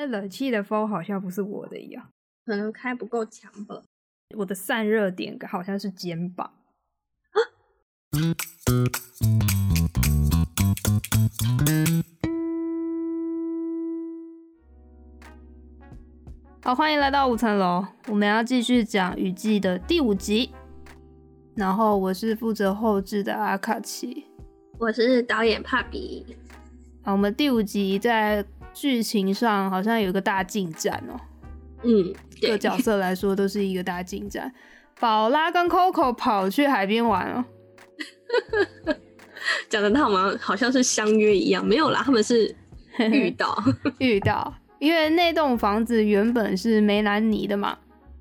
那冷氣的風好像不是我的一樣，可能開不夠強吧。我的散熱點好像是肩膀，啊。好，歡迎來到五層樓，我們要繼續講《雨季》的第五集。然後我是負責後製的阿卡奇，我是導演帕比。好，我們第五集在。劇情上好像有個大進展哦，嗯，各角色來說都是一個大進展。寶 拉跟 Coco 跑去海邊玩哦。講得他們好像是相約一樣，沒有啦，他們是遇到 遇到，因為那棟房子原本是梅蘭妮的嘛，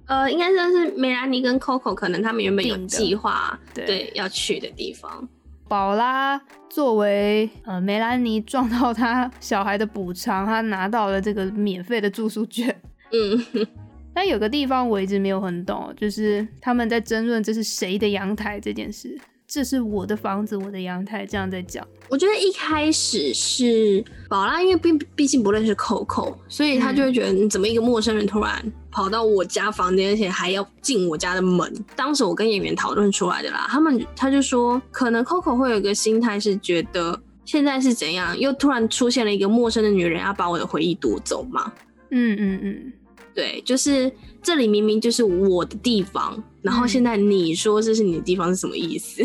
呃，應該算是梅蘭妮跟 Coco，可能他們原本有計劃，對，對，要去的地方。寶拉作為呃梅蘭妮撞到他小孩的補償，他拿到了這個免費的住宿券。嗯， 但有個地方我一直沒有很懂，就是他們在爭論這是誰的陽台這件事。這是我的房子，我的陽台，這樣在講。我覺得一開始是寶拉，因為畢畢竟不認識 Coco，所以他就會覺得你怎麼一個陌生人突然跑到我家房間，而且還要進我家的門。當時我跟演員討論出來的啦，他們他就說，可能 Coco 會有一個心態是覺得現在是怎樣，又突然出現了一個陌生的女人，要把我的回憶奪走嘛。嗯嗯嗯。嗯對，就是這裡明明就是我的地方，然後現在你說這是你的地方是什麼意思？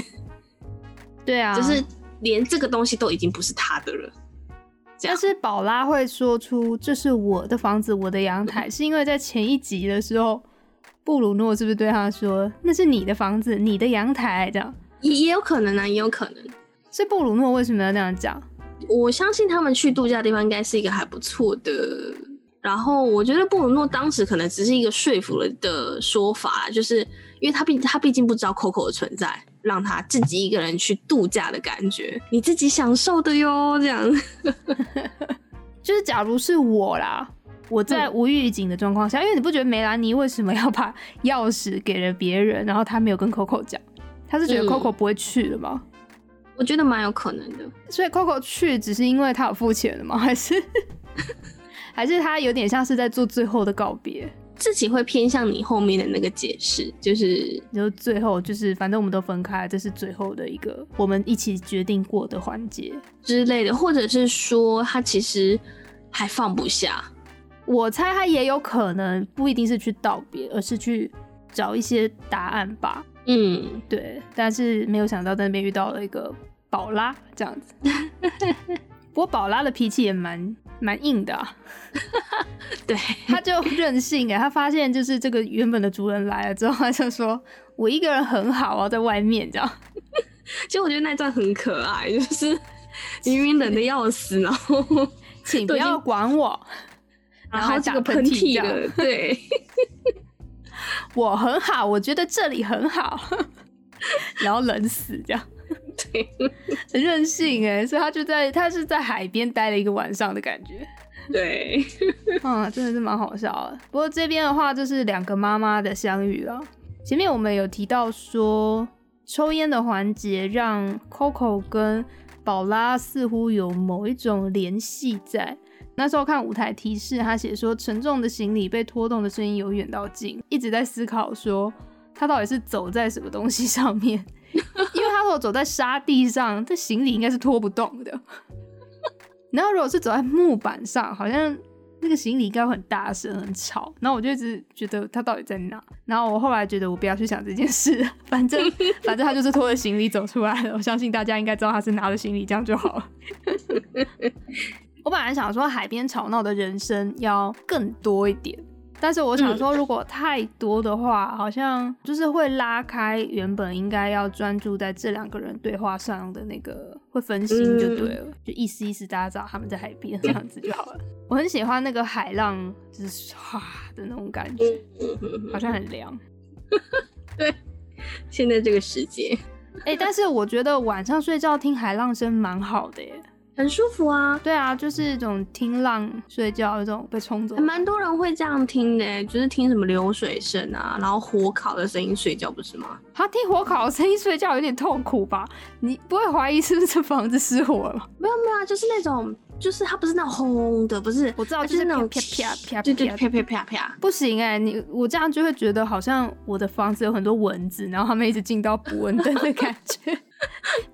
對啊，就是連這個東西都已經不是他的了。但是寶拉會說出這、就是我的房子，我的陽台、嗯，是因為在前一集的時候，布魯諾是不是對他說那是你的房子，你的陽台？這樣也也有可能啊，也有可能。所以布魯諾為什麼要這樣講？我相信他們去度假的地方應該是一個還不錯的。然後我覺得布魯諾當時可能只是一個說服了的說法，就是因為他畢他畢竟不知道 Coco 的存在，讓他自己一個人去度假的感覺，你自己享受的喲，這樣。就是假如是我啦，我在無預警的狀況下，因為你不覺得梅蘭妮為什麼要把鑰匙給了別人，然後他沒有跟 Coco 講，他是覺得 Coco 不會去的嗎、嗯？我覺得蠻有可能的。所以 Coco 去只是因為他有付錢的嗎？還是？ 還是他有點像是在做最後的告別，自己會偏向你後面的那個解釋，就是就最後就是反正我們都分開，這是最後的一個我們一起決定過的環節之類的，或者是說他其實還放不下，我猜他也有可能不一定是去道別，而是去找一些答案吧。嗯，對，但是沒有想到在那邊遇到了一個寶拉這樣子， 不過寶拉的脾氣也蠻。蠻硬的、啊， 對，他就任性哎、欸，他發現就是這個原本的主人來了之後，他就說我一個人很好啊，在外面這樣。其 實我覺得那一段很可愛，就是明明冷的要死，然後請不要管我， 然後打噴嚏的、這個、對， 我很好，我覺得這裡很好，然後冷死這樣。 很任性哎、欸,所以他就在他是在海邊待了一個晚上的感覺。對， 啊，真的是蠻好笑的。不過這邊的話，就是兩個媽媽的相遇了、啊。前面我們有提到說，抽菸的環節讓 Coco 跟寶拉似乎有某一種聯繫在。那時候看舞台提示，他寫說，沉重的行李被拖動的聲音由遠到近，一直在思考說，他到底是走在什麼東西上面。因為他如果走在沙地上，這行李應該是拖不動的。然後如果是走在木板上，好像那個行李應該會很大聲、很吵。然後我就一直覺得他到底在哪。然後我後來覺得我不要去想這件事了，反正反正他就是拖着行李走出來了。我相信大家應該知道他是拿着行李，這樣就好了。 我本來想說海邊吵鬧的人聲要更多一點。但是我想說，如果太多的話，好像就是會拉開原本應該要專注在這兩個人對話上的那個，會分心就對了。嗯、就意思意思，大家知道他們在海邊這樣子就好了、嗯。我很喜歡那個海浪，就是唰的那種感覺，嗯嗯、好像很涼。對，現在這個世界、欸，但是我覺得晚上睡覺聽海浪聲蠻好的耶。很舒服啊，對啊，就是一種聽浪睡覺，一種被沖走，還蠻多人會這樣聽的、欸，就是聽什麼流水聲啊，然後火烤的聲音睡覺，不是嗎？他、啊、聽火烤的聲音睡覺有點痛苦吧？你不會懷疑是不是房子失火了嗎？沒有沒有啊，就是那種，就是它不是那種轟的，不是，我知道就啪啪啪啪啪啪啪，就是那種啪啪啪啪啪啪啪啪，不行哎、欸，你我這樣就會覺得好像我的房子有很多蚊子，然後他們一直進到捕蚊燈的感覺。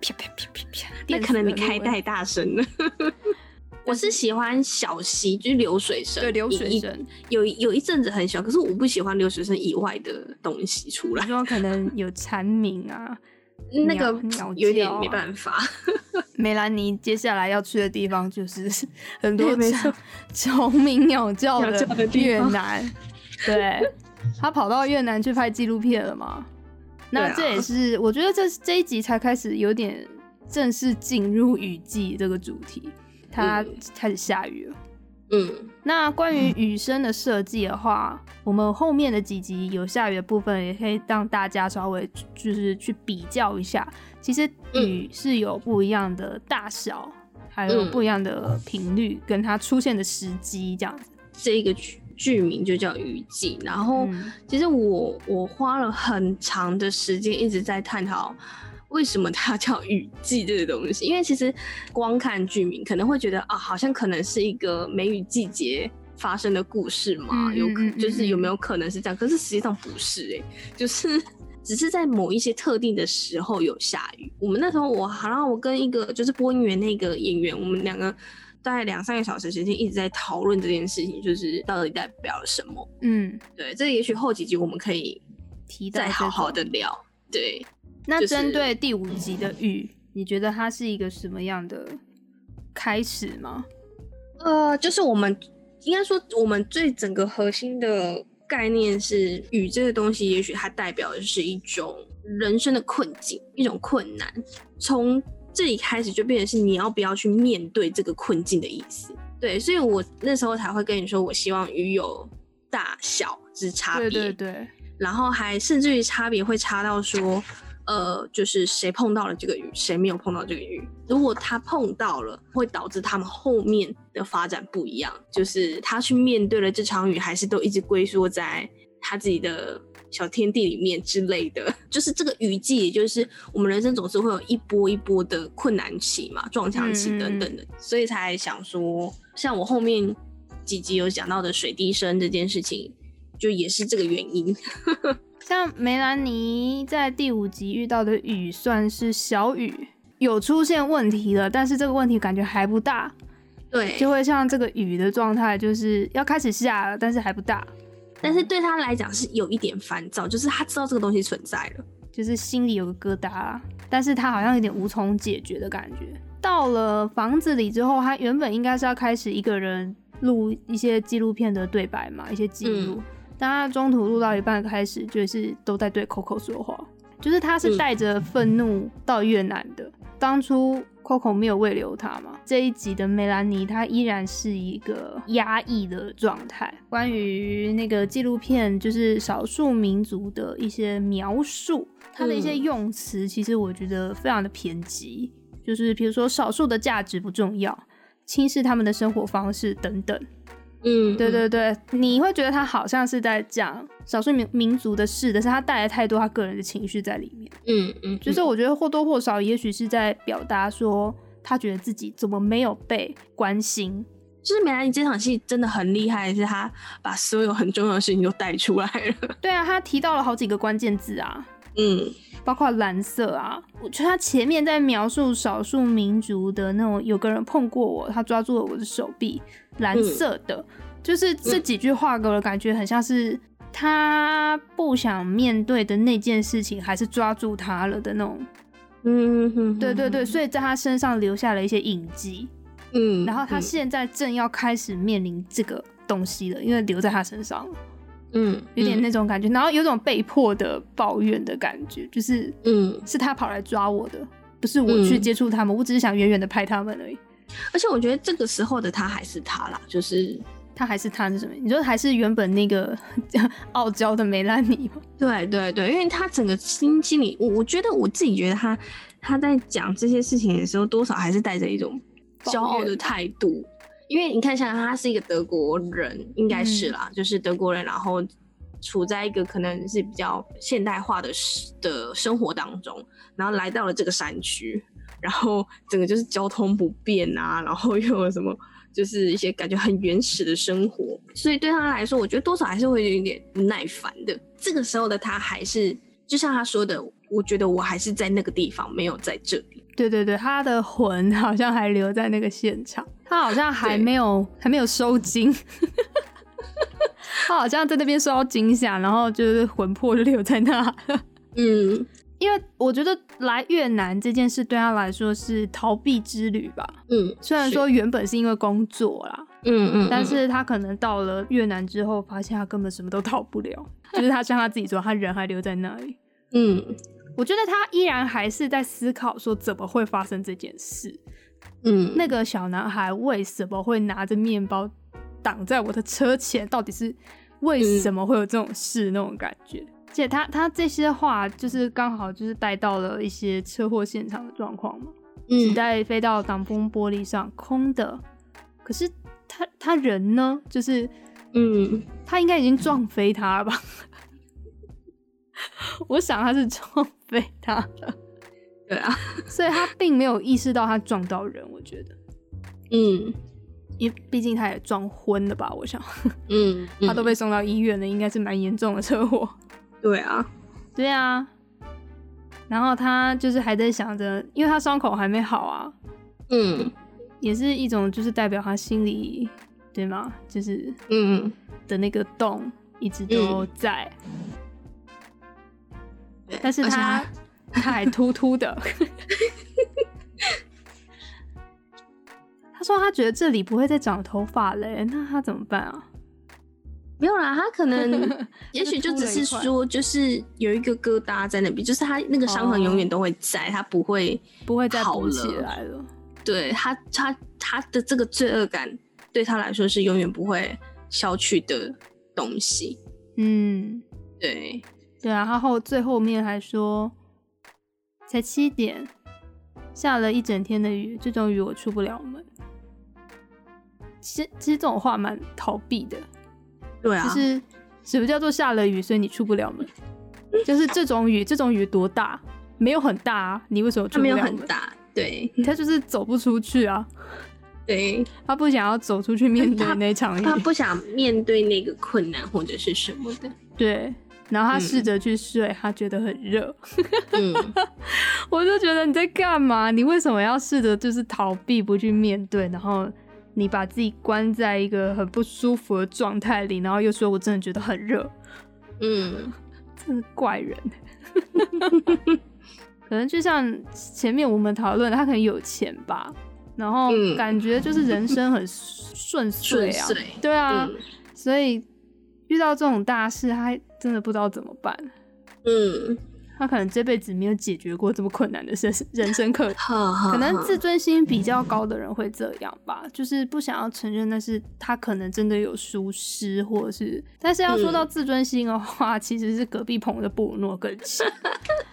別別別別別！你可能你開太大聲了。是 我是喜歡小溪，就是流水聲。對，流水聲有有一陣子很喜歡，可是我不喜歡流水聲以外的東西出來。你說可能有蟬鳴啊 ，那個有點沒辦法、啊。梅蘭、啊、妮接下來要去的地方就是很多蟲鳴 鳥叫的，鳥叫的地方越南。對， 他跑到越南去拍紀錄片了嗎？那這也是，啊、我覺得這這一集才開始有點正式進入雨季這個主題，它開始下雨了。嗯，那關於雨聲的設計的話、嗯，我們後面的幾集有下雨的部分，也可以讓大家稍微就是去比較一下，其實雨是有不一樣的大小，還有不一樣的頻率，跟它出現的時機這樣子、嗯嗯嗯跟它出現的時機這樣子，這個劇。劇名就叫雨季，然後其實我我花了很長的時間一直在探討為什麼它叫雨季這個東西，因為其實光看劇名可能會覺得啊，好像可能是一個梅雨季節發生的故事嘛，嗯、有可就是有沒有可能是這樣，可是實際上不是哎、欸，就是只是在某一些特定的時候有下雨。我們那時候我好像我跟一個就是播音員那個演員，我們兩個。大概兩三個小時時間一直在討論這件事情，就是到底代表了什麼。嗯，對，這也許後幾集我們可以再好好的聊。這個、對，那針對、就是嗯、第五集的雨，你覺得它是一個什麼樣的開始嗎？呃，就是我們應該說，我們最整個核心的概念是雨這個東西，也許它代表的就是一種人生的困境，一種困難。從這一開始就變成是你要不要去面對這個困境的意思，對，所以我那時候才會跟你說，我希望雨有大小之差別，對，對，對，然後還甚至於差別會差到說，呃，就是誰碰到了這個雨，誰沒有碰到這個雨。如果他碰到了，會導致他們後面的發展不一樣，就是他去面對了這場雨，還是都一直龜縮在他自己的。小天地裡面之類的，就是這個雨季，也就是我們人生總是會有一波一波的困難期嘛，撞牆期等等的，嗯，所以才想說，像我後面幾集有講到的水滴聲這件事情，就也是這個原因。呵呵。像梅蘭妮在第五集遇到的雨算是小雨，有出現問題了，但是這個問題感覺還不大。對，就會像這個雨的狀態，就是要開始下了，但是還不大。但是對他來講是有一點煩躁，就是他知道這個東西存在了，就是心裡有個疙瘩，但是他好像有點無從解決的感覺。到了房子裡之後，他原本應該是要開始一個人錄一些紀錄片的對白嘛，一些記錄、嗯，但他中途錄到一半的開始就是都在對 Coco 說話，就是他是帶着憤怒到越南的，嗯、當初。Coco 沒有慰留他嗎？這一集的梅蘭妮，她依然是一個壓抑的狀態。關於那個紀錄片，就是少數民族的一些描述，它的一些用詞，其實我覺得非常的偏激，嗯，就是譬如說少數的價值不重要，輕視他們的生活方式等等。嗯，對對對，你會覺得他好像是在講少數民族的事，但是他帶了太多他個人的情緒在裡面。嗯嗯，就、嗯、是我覺得或多或少，也許是在表達說他覺得自己怎麼沒有被關心。就是美蘭你這場戲真的很厲害，是他把所有很重要的事情都帶出來了。對啊，他提到了好幾個關鍵字啊，嗯，包括藍色啊。我覺得他前面在描述少數民族的那種，有個人碰過我，他抓住了我的手臂。藍色的，嗯，就是這幾句話給我的感覺很像是他不想面對的那件事情，還是抓住他了的那種嗯嗯。嗯，對對對，所以在他身上留下了一些印記，嗯。嗯，然後他現在正要開始面臨這個東西了，因為留在他身上嗯。嗯，有點那種感覺，然後有種被迫的抱怨的感覺，就是嗯，是他跑來抓我的，不是我去接觸他們，嗯，我只是想遠遠的拍他們而已。而且我覺得這個時候的他還是他啦，就是他還是他是什麼？你說還是原本那個傲嬌的梅蘭尼嗎？對對對，因為他整個心心裡，我我覺得我自己覺得他他在講這些事情的時候，多少還是帶着一種驕傲的態度。因為你看，像他是一個德國人，應該是啦、嗯，就是德國人，然後處在一個可能是比較現代化的的生活當中，然後來到了這個山區。然後整個就是交通不便啊，然後又有什麼，就是一些感覺很原始的生活，所以對他來說，我覺得多少還是會有點不耐煩的。這個時候的他，還是就像他說的，我覺得我還是在那個地方，沒有在這裡。對對對，他的魂好像還留在那個現場，他好像還沒有還沒有收驚， 他好像在那邊受到驚嚇，然後就是魂魄就留在那。 嗯。因為我覺得來越南這件事對他來說是逃避之旅吧。嗯，雖然說原本是因為工作啦。嗯嗯。但是他可能到了越南之後，發現他根本什麼都逃不了。就是他像他自己說， 他人還留在那裡。嗯，我覺得他依然還是在思考說怎麼會發生這件事。嗯，那個小男孩為什麼會拿着麵包擋在我的車前？到底是為什麼會有這種事？嗯，那種感覺。而且他他這些話就是剛好就是帶到了一些車禍現場的狀況嘛，子、嗯、彈飛到擋風玻璃上空的，可是他他人呢？就是嗯，他應該已經撞飛他了吧？ 我想他是撞飛他了，對啊，所以他並沒有意識到他撞到人，我覺得，嗯，因畢竟他也撞昏了吧？我想嗯，嗯，他都被送到醫院了，應該是蠻嚴重的車禍。對啊，對啊，然後他就是還在想着，因為他傷口還沒好啊，嗯，也是一種就是代表他心裡，對嗎？就是嗯，嗯的那個洞一直都在，嗯，但是他他，他還禿禿的， 他說他覺得這裡不會再長頭髮嘞，那他怎麼辦啊？沒有啦，他可能也許就只是說，就是有一個疙瘩在那邊，就是他那個傷痕永遠都會在，他不會不會再好起來了。對，他他他的這個罪惡感對他來說是永遠不會消去的東西。嗯，對對啊，然後最後面還說，才七點，下了一整天的雨，這種雨我出不了門。其實其實這種話蠻逃避的。對啊，就是什麼叫做下了雨，所以你出不了門？ 就是這種雨，這種雨多大？沒有很大啊，你為什麼出不了門？沒有很大，對，他就是走不出去啊。對，他不想要走出去面對那場雨，他不想面對那個困難或者是什麼的。對，然後他試着去睡，他、嗯、覺得很熱、 嗯。我就覺得你在幹嘛？你為什麼要試着就是逃避不去面對？然後。你把自己關在一個很不舒服的狀態裡，然後又說：“我真的覺得很熱。”嗯，啊、真是怪人。 可能就像前面我們討論，他可能有錢吧，然後感覺就是人生很順遂啊。對啊、嗯，所以遇到這種大事，他還真的不知道怎麼辦。嗯。他可能這輩子沒有解決過這麼困難的生人生課，呵呵呵，可能自尊心比較高的人會這樣吧，嗯、就是不想要承認那是他可能真的有疏失，或者是但是要說到自尊心的話，嗯、其實是隔壁棚的布魯諾更氣。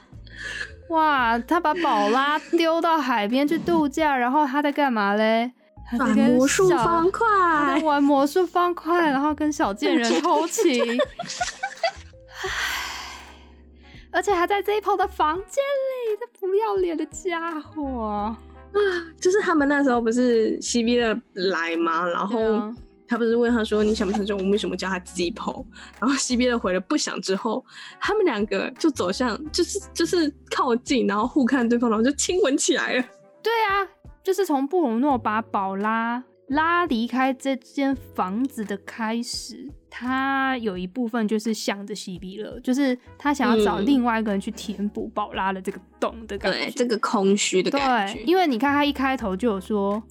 哇，他把寶拉丟到海邊去度假，然後他在幹嘛嘞？玩魔術方塊，玩魔術方塊，然後跟小賤人偷情。 而且還在 Zippo 的房間裡，這不要臉的傢伙啊！就是他們那時候不是西碧樂來嗎？然後他不是問他說、啊、你想不想知道我們為什麼叫他 Zippo？然後西碧樂回了不想之後，他們兩個就走向，就是就是靠近，然後互看對方，然後就親吻起來了。對啊，就是從布魯諾把寶拉。拉離開這間房子的開始，他有一部分就是想着西碧樂，就是他想要找另外一個人去填補寶拉的這個洞的感覺，嗯、對，這個空虛的感覺。對，因為你看他一開頭就有說，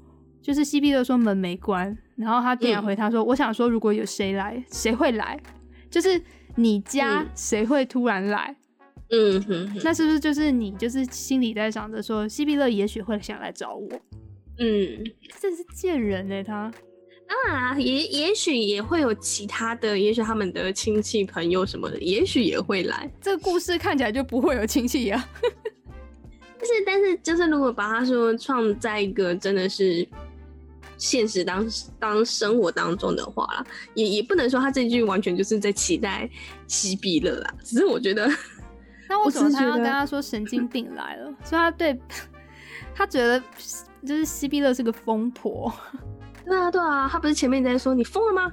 就是西碧樂說門沒關，然後他電話回他說，嗯，我想說如果有誰來，誰會來？就是你家誰會突然來？嗯哼，那是不是就是你就是心裡在想着說西碧樂也許會想來找我？嗯，這是賤人呢、欸。他當然也也許也會有其他的，也許他們的親戚朋友什麼的，也許也會來。這個故事看起來就不會有親戚呀、啊。 但是，但是就是如果把他說創在一個真的是現實當當生活當中的話啦，也也不能說他這句完全就是在期待西碧樂啦。只是我覺得，那為什麼他要跟他說神經病來了？ 所以他對。他覺得就是西碧樂是個瘋婆，對啊對啊，他不是前面在說你瘋了嗎？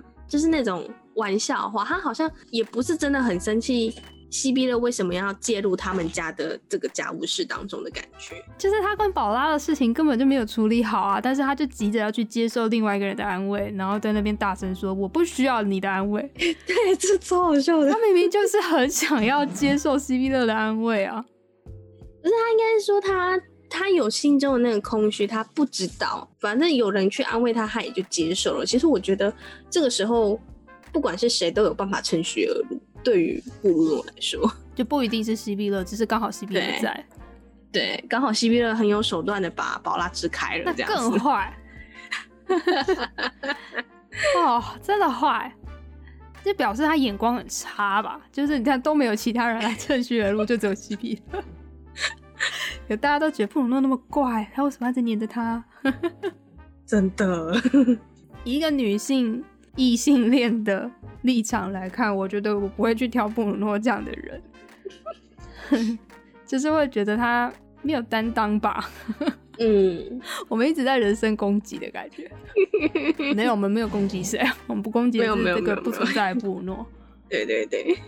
就是那種玩笑話，他好像也不是真的很生氣。西碧樂為什麼要介入他們家的這個家務事當中的感覺？就是他跟寶拉的事情根本就沒有處理好啊，但是他就急着要去接受另外一個人的安慰，然後在那邊大聲說，我不需要你的安慰。 對，這超好笑的。他明明就是很想要接受西碧樂的安慰啊。不是他，應該是說他，他有心中的那個空虛，他不知道，反正有人去安慰他，他也就接受了。其實我覺得這個時候，不管是誰都有辦法趁虛而入。對於布魯諾來說，就不一定是西碧樂，只是剛好西碧樂在。對，剛好西碧樂很有手段的把寶拉支開了，這樣那更壞。 哦，真的壞，這表示他眼光很差吧？就是你看都沒有其他人來趁虛而入，就只有西碧樂。有大家都覺得布魯諾那麼怪，他為什麼一直黏着他？ 真的，一個女性異性戀的立場來看，我覺得我不會去挑布魯諾這樣的人， 就是會覺得他沒有擔當吧。 嗯，我們一直在人身攻擊的感覺。 沒有，我們沒有攻擊誰，我們不攻擊這個不存在布魯諾。對對對。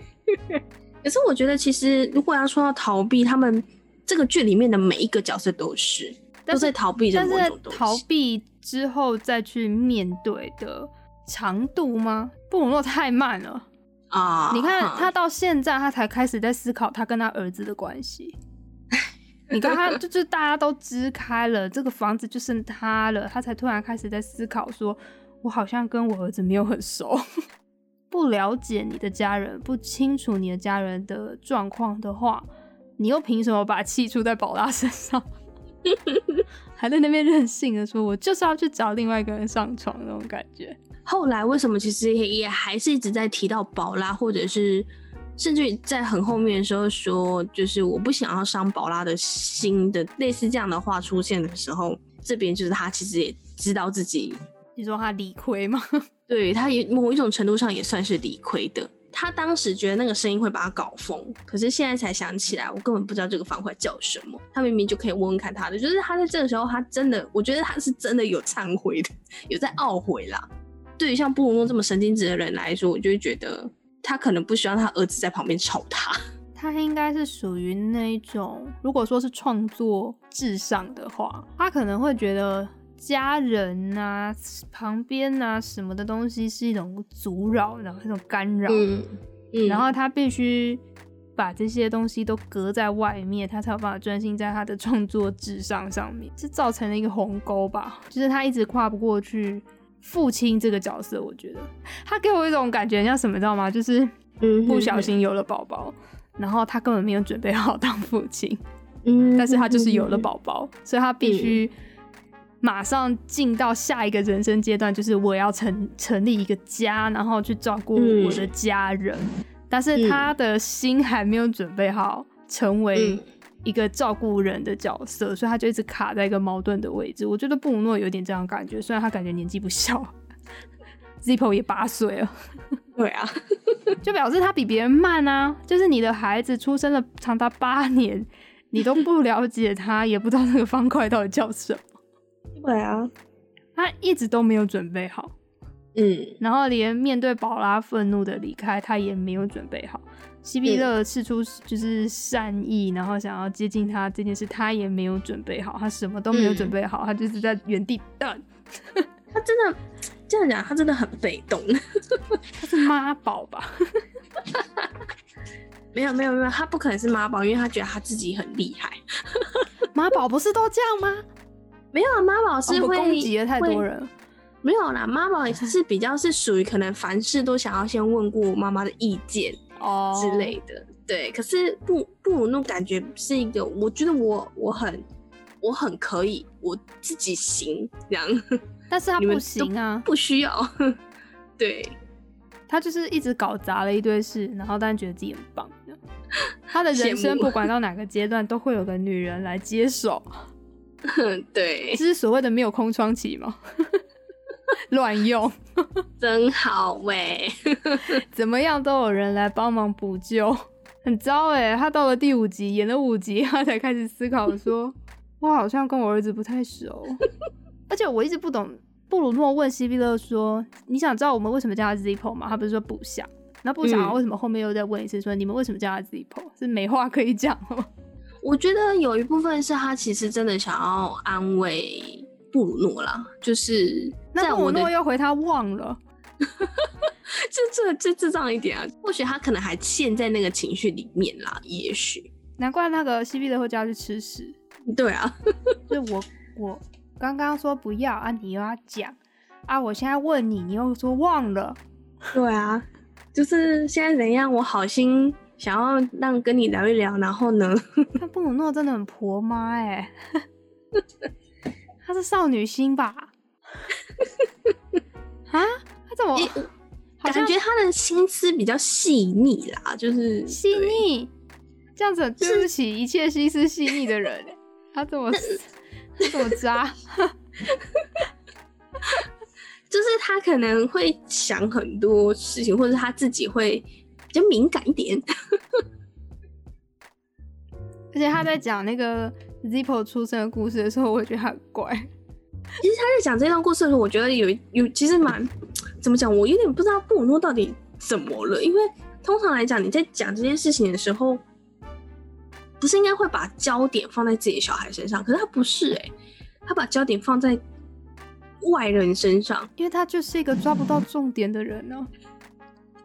可是我覺得，其實如果要說到逃避他們。這個劇裡面的每一個角色都是但是，都是逃避，但是逃避之後再去面對的長度嗎？布魯諾太慢了啊！Uh, 你看、uh. 他到現在，他才開始在思考他跟他兒子的關係。 你看他， 就就大家都支開了， 這個房子就剩他了，他才突然開始在思考說，說我好像跟我兒子沒有很熟， 不了解你的家人，不清楚你的家人的狀況的話。你又憑什麼把氣出在寶拉身上？ 還在那邊任性的說，我就是要去找另外一個人上床的那種感覺。後來為什麼其實也也還是一直在提到寶拉，或者是甚至在很後面的時候說，就是我不想要傷寶拉的心的類似這樣的話出現的時候，這邊就是他其實也知道自己，你說他理虧嗎？對，他也某一種程度上也算是理虧的。他當時覺得那個聲音會把他搞瘋，可是現在才想起來，我根本不知道這個方法叫什麼。他明明就可以問問看他的，就是他在這個時候，他真的，我覺得他是真的有懺悔的，有在懊悔啦。對於像布魯諾這麼神經質的人來說，我就會覺得他可能不希望他兒子在旁邊吵他。他應該是屬於那一種，如果說是創作至上的話，他可能會覺得。家人啊，旁邊啊，什麼的東西是一種阻擾，然後一種干擾、嗯嗯，然後他必須把這些東西都隔在外面，他才有辦法專心在他的創作智商上，上面，是造成了一個鴻溝吧？就是他一直跨不過去父親這個角色。我覺得他給我一種感覺像什麼，知道嗎？就是不小心有了寶寶、嗯嗯，然後他根本沒有準備好當父親，但是他就是有了寶寶，所以他必須、嗯。嗯馬上進到下一個人生階段，就是我要成成立一個家，然後去照顧我的家人。嗯。但是他的心還沒有準備好成為一個照顧人的角色。嗯，所以他就一直卡在一個矛盾的位置。我覺得布魯諾有點這樣感覺，雖然他感覺年紀不小 ，Zippo 也八歲了。對啊， 就表示他比別人慢啊。就是你的孩子出生了長達八年，你都不了解他， 也不知道那個方塊到底叫什麼。對啊，他一直都沒有準備好，嗯，然後連面對寶拉憤怒的離開，他也沒有準備好。西碧樂釋出就是善意、嗯，然後想要接近他這件事，他也沒有準備好，他什麼都沒有準備好，嗯、他就是在原地等。Done 他真的這樣講，他真的很被動， 他是媽寶吧 沒？沒有沒有沒有，他不可能是媽寶，因為他覺得他自己很厲害。媽 寶不是都這樣嗎？沒有啊，媽寶是會攻擊了太多人。沒有啦，媽也是比較是屬於可能凡事都想要先問過媽媽的意見哦之類的。Oh. 對，可是不不，那種感覺是一個，我覺得我我很我很可以，我自己行這樣。但是他不行啊，不需要。對，他就是一直搞砸了一堆事，然後但是覺得自己很棒。他的人生不管到哪個階段，都會有個女人來接手。哼對，這是所謂的沒有空窗期嗎？ 亂用，真好喂， 怎麼樣都有人來幫忙補救，很糟哎。他到了第五集，演了五集，他才開始思考說， 我好像跟我兒子不太熟。 而且我一直不懂，布魯諾問西碧樂說，你想知道我們為什麼叫他 Zippo 嗎？他不是說不想，嗯，那不想為什麼後面又再問一次說，你們為什麼叫他 Zippo？是沒話可以講我覺得有一部分是他其實真的想要安慰布魯諾啦，就是我那我布魯諾又回他忘了， 這這這智障一點啊！或許他可能還陷在那個情緒裡面啦，也許。難怪那個西碧樂會叫他去吃屎。對啊， 就我我剛剛說不要啊，你又要講啊，我現在問你，你又說忘了。對啊，就是現在怎樣，我好心。想要讓跟你聊一聊，然後呢？他布魯諾真的很婆媽哎、欸，他 是少女心吧？ 啊，他怎麼？欸、感覺他的心思比較細膩啦，就是細膩。這樣子，很對不起一切心思細膩的人、欸，他 怎麼這 麼渣？ 就是他可能會想很多事情，或者他自己會。比較敏感一點， 而且他在講那個 Zippo 出生的故事的時候，我覺得他很怪。其實他在講這段故事的時候，我覺得有有其實蠻，怎麼講，我有點不知道布魯諾到底怎麼了。因為通常來講，你在講這件事情的時候，不是應該會把焦點放在自己的小孩身上？可是他不是、欸、他把焦點放在外人身上，因為他就是一個抓不到重點的人呢、喔。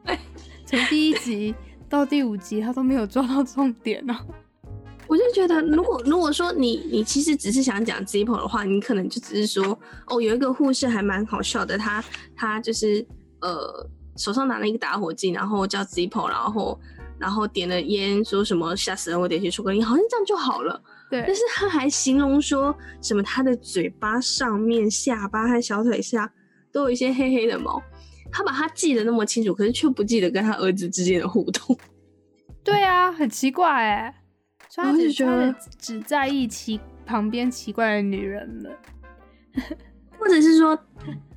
哎、欸。從第一集到第五集，他都沒有抓到重點呢、啊。 我就覺得，如果如果說你你其實只是想講 Zippo 的話，你可能就只是說哦，有一個護士還蠻好笑的，他他就是呃手上拿了一個打火機，然後叫 Zippo，然後然後點了煙，說什麼嚇死人，我點起出根煙，好像這樣就好了。對。但是他還形容說什麼他的嘴巴上面、下巴和小腿下都有一些黑黑的毛。他把他記得那麼清楚，可是卻不記得跟他兒子之間的互動。對啊，很奇怪哎。他只是覺得只在意奇旁邊奇怪的女人們，或者是說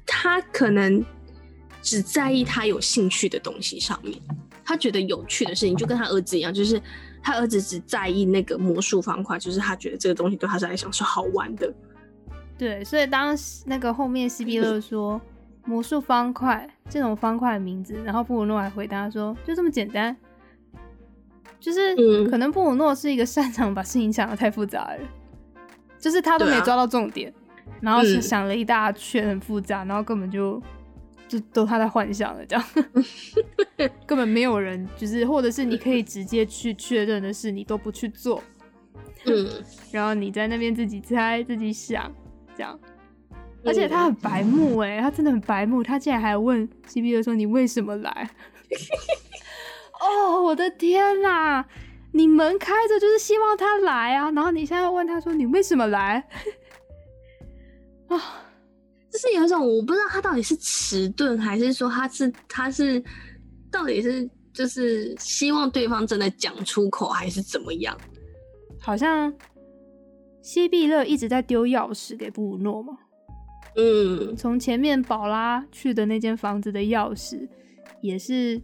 他可能只在意他有興趣的東西上面。他覺得有趣的事情，就跟他兒子一樣，就是他兒子只在意那個魔術方塊，就是他覺得這個東西對他來講是好玩的。對，所以當時那個後面西碧樂說。嗯魔術方塊這種方塊的名字，然後布魯諾還回答說：“就這麼簡單，就是、嗯、可能布魯諾是一個擅長把事情想得太複雜的人，就是他都沒抓到重點，啊嗯、然後想、嗯、想了一大圈很複雜，然後根本就就都他在幻想了，這樣 根本沒有人就是，或者是你可以直接去確認的事，你都不去做，嗯， 然後你在那邊自己猜自己想這樣。”而且他很白目哎、嗯，他真的很白目，他竟然還問西碧樂說：“你為什麼來？” 哦，我的天哪、啊！你門開着就是希望他來啊，然後你現在又問他說：“你為什麼來？”啊、 哦，就是有一種我不知道他到底是遲鈍，還是說他是他是，他是到底是就是希望對方真的講出口，還是怎麼樣？好像西碧樂一直在丟鑰匙給布魯諾嗎？嗯，從前面寶拉去的那間房子的鑰匙，也是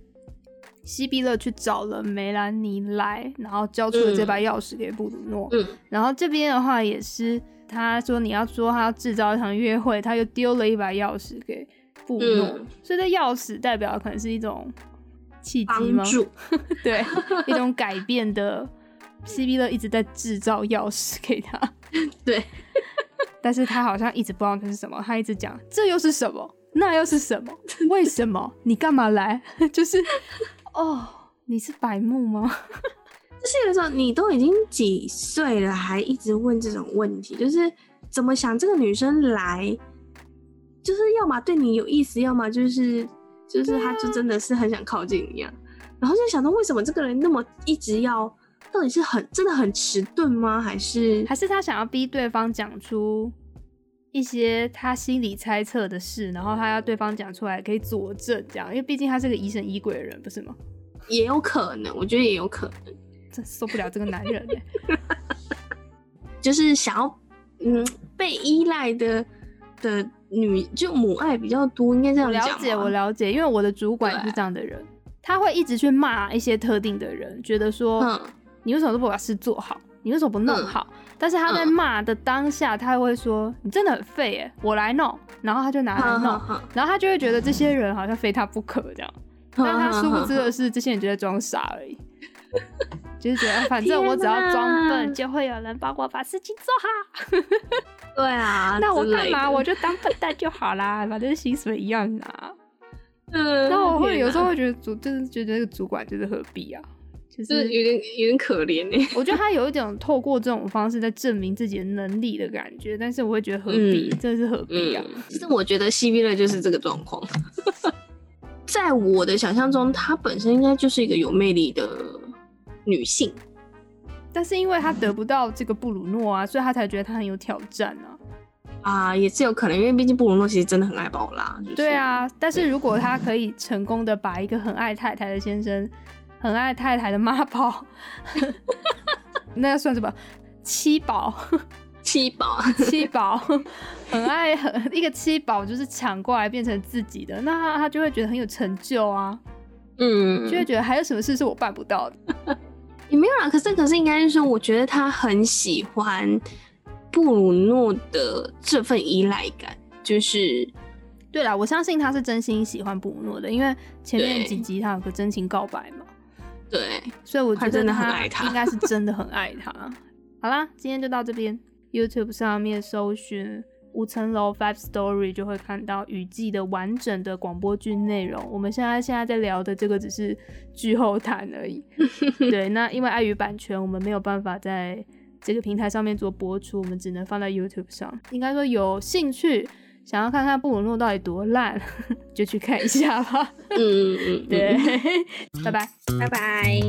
西碧樂去找了梅蘭妮來，然後交出了這把鑰匙給布魯諾、嗯嗯。然後這邊的話也是，他說你要說他要製造一場約會，他又丟了一把鑰匙給布魯諾、嗯，所以這鑰匙代表的可能是一種契機嗎？ 對，一種改變的。西碧樂一直在製造鑰匙給他，對。但是他好像一直不知道這是什麼，他一直講，這又是什麼，那又是什麼，為什麼 你幹嘛來？就是哦，你是白目嗎？就是有的時候你都已經幾歲了，還一直問這種問題，就是怎麼想這個女生來，就是要麼對你有意思，要麼就是就是她就真的是很想靠近你啊。然後就想到為什麼這個人那麼一直要。到底是很真的很遲鈍嗎？還是還是他想要逼對方講出一些他心裡猜測的事，然後他要對方講出來可以佐證，這樣，因為畢竟他是個疑神疑鬼的人，不是嗎？也有可能，我覺得也有可能，真受不了這個男人呢、欸。 就是想要嗯被依賴的的女，就母愛比較多，應該這樣講我了解，我了解，因為我的主管是這樣的人，他會一直去罵一些特定的人，覺得說。嗯你為什麼不把事做好？你為什麼不弄好？嗯、但是他在罵的當下、嗯，他會說：“你真的很廢耶、欸，我來弄。”然後他就拿來弄好好好，然後他就會覺得這些人好像非他不可這樣。好好，但他殊不知的是，這些人就在裝傻而已，嗯、就是覺得反正我只要裝笨，就會有人幫我把事情做好。啊 對啊， 那我幹嘛，我就當笨蛋就好啦，反正薪水一樣啊。嗯。那我會有時候會覺得主，就是覺得那個主管就是何必啊。就是有點有點可憐哎，我覺得他有一種透過這種方式在證明自己的能力的感覺， 但是我會覺得何必，這、嗯、是何必啊！其、嗯、實、嗯、我覺得西碧樂就是這個狀況， 在我的想象中，她本身應該就是一個有魅力的女性，但是因為她得不到這個布魯諾啊，所以她才覺得她很有挑戰呢、啊。啊，也是有可能，因為畢竟布魯諾其實真的很愛寶拉、就是。對啊，但是如果他可以成功的把一個很愛太太的先生。很愛太太的媽寶， 那要算什麼？妻寶、妻寶、妻寶，很愛很一個妻寶，就是搶過來變成自己的，那他他就會覺得很有成就啊，嗯，就會覺得還有什麼事是我辦不到的，也沒有啦。可是可是，應該是說，我覺得他很喜歡布魯諾的這份依賴感，就是對啦，我相信他是真心喜歡布魯諾的，因為前面幾集他有個真情告白嘛。對，所以我覺得他應該是真的很愛他。 愛他。好啦，今天就到這邊。YouTube 上面搜尋五層樓 Five Story，就會看到雨季的完整的廣播劇內容。我們現在現在在聊的這個只是劇後談而已。 對，那因為礙於版權，我們沒有辦法在這個平台上面做播出，我們只能放在 YouTube 上。應該說有興趣。想要看看布魯諾到底多爛， 就去看一下吧嗯。嗯 對嗯對， 拜拜，拜拜。